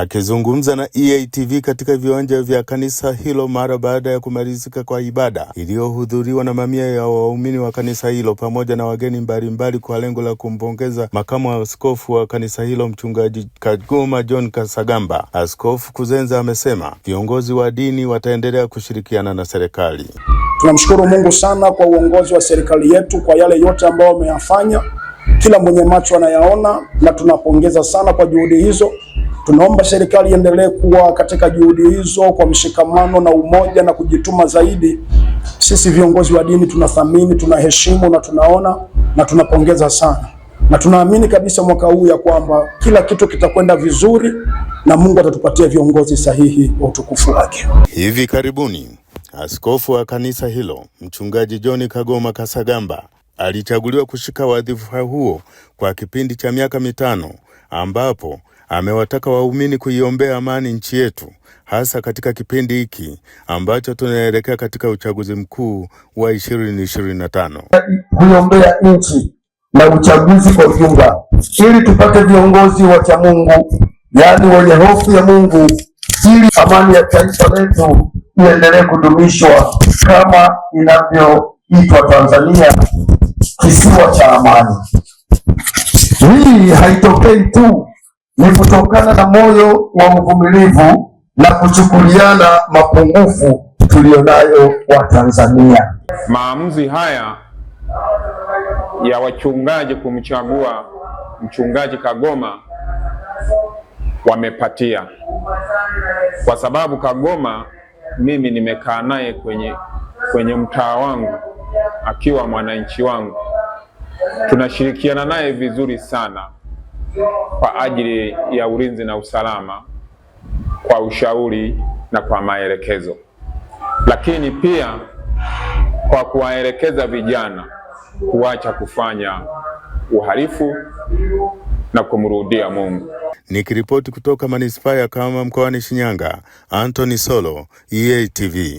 Akizungumza na EATV katika viwanja vya kanisa hilo mara baada ya kumalizika kwa ibada iliyohudhuriwa na mamia ya waumini wa kanisa hilo pamoja na wageni mbalimbali kwa lengo la kumpongeza makamu wa askofu wa kanisa hilo Mchungaji Kagoma John Kasagamba, Askofu Kuzenza amesema viongozi wa dini wataendelea kushirikiana na serikali. Tunamshukuru Mungu sana kwa uongozi wa serikali yetu kwa yale yote ambayo wameyafanya, kila mwenye macho anayaona, na tunapongeza sana kwa juhudi hizo. Tunaomba serikali iendelee kuwa katika juhudi hizo kwa mshikamano na umoja na kujituma zaidi. Sisi viongozi wa dini tunathamini, tunaheshimu na tunaona na tunapongeza sana, na tunaamini kabisa mwaka huu ya kwamba kila kitu kitakwenda vizuri na Mungu atatupatia viongozi sahihi wa utukufu wake. Hivi karibuni askofu wa kanisa hilo Mchungaji John Kagoma Kasagamba alichaguliwa kushika wadhifa huo kwa kipindi cha miaka mitano ambapo amewataka waumini kuiombea amani nchi yetu hasa katika kipindi hiki ambacho tunaelekea katika uchaguzi mkuu wa 2025. Kuiombea nchi na uchaguzi kwa ujumla, ili tupate viongozi wa cha Mungu, yaani wenye hofu ya Mungu, ili amani ya taifa letu iendelee kudumishwa kama inavyoitwa Tanzania kisiwa cha amani. Hii haitokei tu ni kutokana na moyo wa uvumilivu na kuchukuliana mapungufu tuliyonayo Watanzania. Maamuzi haya ya wachungaji kumchagua mchungaji Kagoma wamepatia, kwa sababu Kagoma mimi nimekaa naye kwenye, kwenye mtaa wangu akiwa mwananchi wangu, tunashirikiana naye vizuri sana kwa ajili ya ulinzi na usalama kwa ushauri na kwa maelekezo, lakini pia kwa kuwaelekeza vijana kuacha kufanya uhalifu na kumrudia Mungu. Nikiripoti kutoka manispaa ya Kahama mkoani Shinyanga, Anthony Solo, EATV.